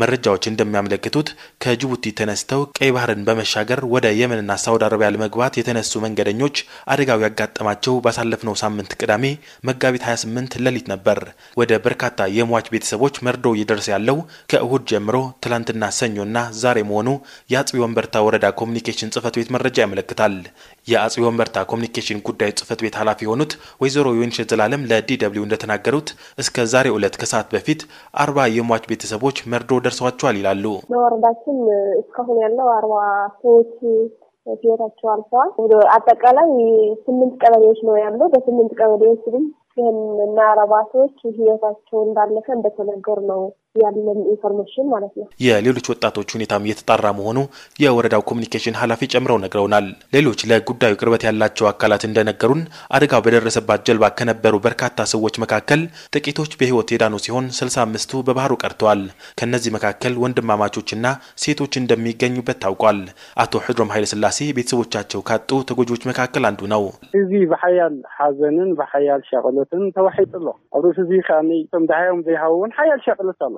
መረጃዎች እንደሚያመለክቱት ከጅቡቲ ተነስተው ቀይ ባህርን በመሻገር ወደ የመንና ሳውዲ አረቢያ ለመግባት የተነሱ መንገደኞች አደጋው ያጋጠማቸው ባሳለፍነው ሳምንት ቅዳሜ መጋቢት 28 ሌሊት ነበር። ወደ በርካታ የሟች ቤተሰቦች መርዶ እየደረሰ ያለው ከእሁድ ጀምሮ ትላንትና ሰኞና ዛሬ መሆኑ የአጽቢ ወንበርታ ወረዳ ኮሚኒኬሽን ጽህፈት ቤት መረጃ ያመለክታል። የአጽቢ ወንበርታ ኮሚኒኬሽን ጉዳይ ጽህፈት ቤት ኃላፊ የሆኑት ወይዘሮ ዩንሸት ዘላለም ለዲ ደብልዩ እንደተናገሩት እስከ ዛሬ ዕለት ከሰዓት በፊት አርባ የሟች ቤተሰቦች መርዶ ደርሰዋቸዋል ይላሉ። በወረዳችን እስካሁን ያለው አርባ ሰዎች ህይወታቸው አልፈዋል። አጠቃላይ ስምንት ቀበሌዎች ነው ያለው። በስምንት ቀበሌዎች ግን ይህን እና አረባ ሰዎች ህይወታቸው እንዳለፈ እንደተነገሩ ነው ያለን ኢንፎርሜሽን ማለት ነው። የሌሎች ወጣቶች ሁኔታም እየተጣራ መሆኑ የወረዳው ኮሚኒኬሽን ኃላፊ ጨምረው ነግረውናል። ሌሎች ለጉዳዩ ቅርበት ያላቸው አካላት እንደነገሩን አደጋው በደረሰባት ጀልባ ከነበሩ በርካታ ሰዎች መካከል ጥቂቶች በሕይወት የዳኑ ሲሆን ስልሳ አምስቱ በባህሩ ቀርተዋል። ከእነዚህ መካከል ወንድማማቾችና ሴቶች እንደሚገኙበት ታውቋል። አቶ ሕድሮም ኃይለስላሴ ቤተሰቦቻቸው ካጡ ተጎጂዎች መካከል አንዱ ነው። እዚ ብሓያል ሓዘንን ብሓያል ሸቅለትን ተዋሒጡ ኣሎ ኣብ እዚ ከዓኒ እቶም ድሓዮም ዘይሃውን ሓያል ሸቅለት ኣሎ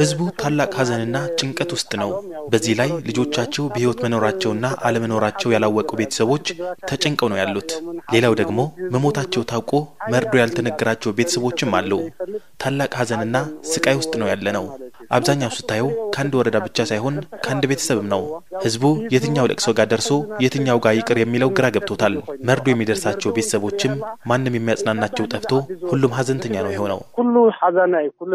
ህዝቡ ታላቅ ሀዘንና ጭንቀት ውስጥ ነው። በዚህ ላይ ልጆቻቸው በህይወት መኖራቸውና አለመኖራቸው ያላወቁ ቤተሰቦች ተጨንቀው ነው ያሉት። ሌላው ደግሞ መሞታቸው ታውቆ መርዶ ያልተነገራቸው ቤተሰቦችም አሉ። ታላቅ ሀዘንና ስቃይ ውስጥ ነው ያለ ነው። አብዛኛው ስታየው ከአንድ ወረዳ ብቻ ሳይሆን ከአንድ ቤተሰብም ነው። ህዝቡ የትኛው ለቅሶ ጋር ደርሶ የትኛው ጋር ይቅር የሚለው ግራ ገብቶታል። መርዶ የሚደርሳቸው ቤተሰቦችም ማንም የሚያጽናናቸው ጠፍቶ ሁሉም ሀዘንተኛ ነው የሆነው። ሁሉ በኸያ ኩሉ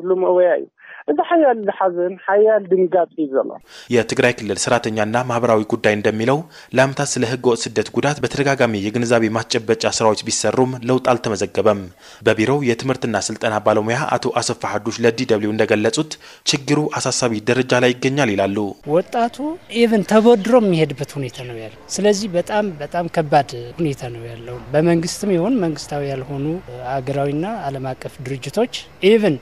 ሁሉ መወያ መወያዩ እዚ ሓያል ሐዘን ሓያል ድንጋጥ ዘሎ የትግራይ ክልል ሰራተኛና ማህበራዊ ጉዳይ እንደሚለው ለአመታት ስለ ህገወጥ ስደት ጉዳት በተደጋጋሚ የግንዛቤ ማስጨበጫ ስራዎች ቢሰሩም ለውጥ አልተመዘገበም። በቢሮው የትምህርትና ስልጠና ባለሙያ አቶ አሰፋ ሀዱሽ ለዲ ደብልዩ እንደገለጹት ችግሩ አሳሳቢ ደረጃ ላይ ይገኛል ይላሉ። ወጣቱ ኢቨን ተበድሮ የሚሄድበት ሁኔታ ነው ያለው። ስለዚህ በጣም በጣም ከባድ ሁኔታ ነው ያለው። በመንግስትም ይሁን መንግስታዊ ያልሆኑ አገራዊና ዓለም አቀፍ ድርጅቶች ኢቨን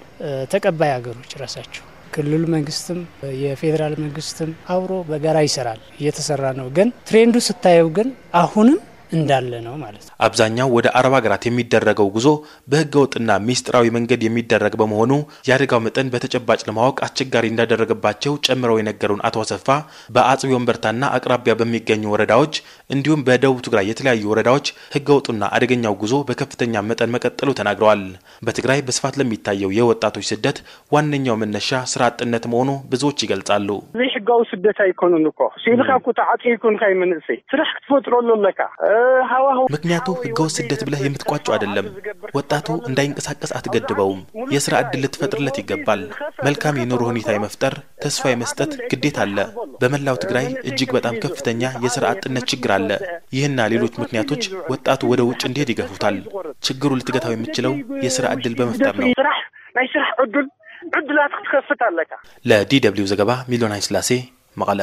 ተቀባይ ሀገሮች ራሳቸው ክልሉ መንግስትም የፌዴራል መንግስትም አብሮ በጋራ ይሰራል። እየተሰራ ነው። ግን ትሬንዱ ስታየው ግን አሁንም እንዳለ ነው ማለት ነው። አብዛኛው ወደ አረብ ሀገራት የሚደረገው ጉዞ በህገ ወጥና ሚስጥራዊ መንገድ የሚደረግ በመሆኑ የአደጋው መጠን በተጨባጭ ለማወቅ አስቸጋሪ እንዳደረገባቸው ጨምረው የነገሩን አቶ አሰፋ በአጽቢ ወንበርታና አቅራቢያ በሚገኙ ወረዳዎች እንዲሁም በደቡብ ትግራይ የተለያዩ ወረዳዎች ህገ ወጡና አደገኛው ጉዞ በከፍተኛ መጠን መቀጠሉ ተናግረዋል። በትግራይ በስፋት ለሚታየው የወጣቶች ስደት ዋነኛው መነሻ ስራ አጥነት መሆኑ ብዙዎች ይገልጻሉ። ዘይሕጋዊ ስደት አይኮኑን እኮ ሲልካ ኩታ ዓፂ ይኩን ካይ ምንእሰይ ስራሕ ክትፈጥረሉ ኣለካ ምክንያቱ ህገወጥ ስደት ብለህ የምትቋጨው አይደለም። ወጣቱ እንዳይንቀሳቀስ አትገድበውም። የስራ እድል ልትፈጥርለት ይገባል። መልካም የኑሮ ሁኔታ የመፍጠር ተስፋ የመስጠት ግዴታ አለ። በመላው ትግራይ እጅግ በጣም ከፍተኛ የስራ አጥነት ችግር አለ። ይህና ሌሎች ምክንያቶች ወጣቱ ወደ ውጭ እንዲሄድ ይገፉታል። ችግሩ ልትገታው የምችለው የስራ እድል በመፍጠር ነው። ናይ ስራሕ ዕድል ዕድላት ክትከፍት ኣለካ ለዲ ደብልዩ ዘገባ ሚሊዮን ስላሴ መቐለ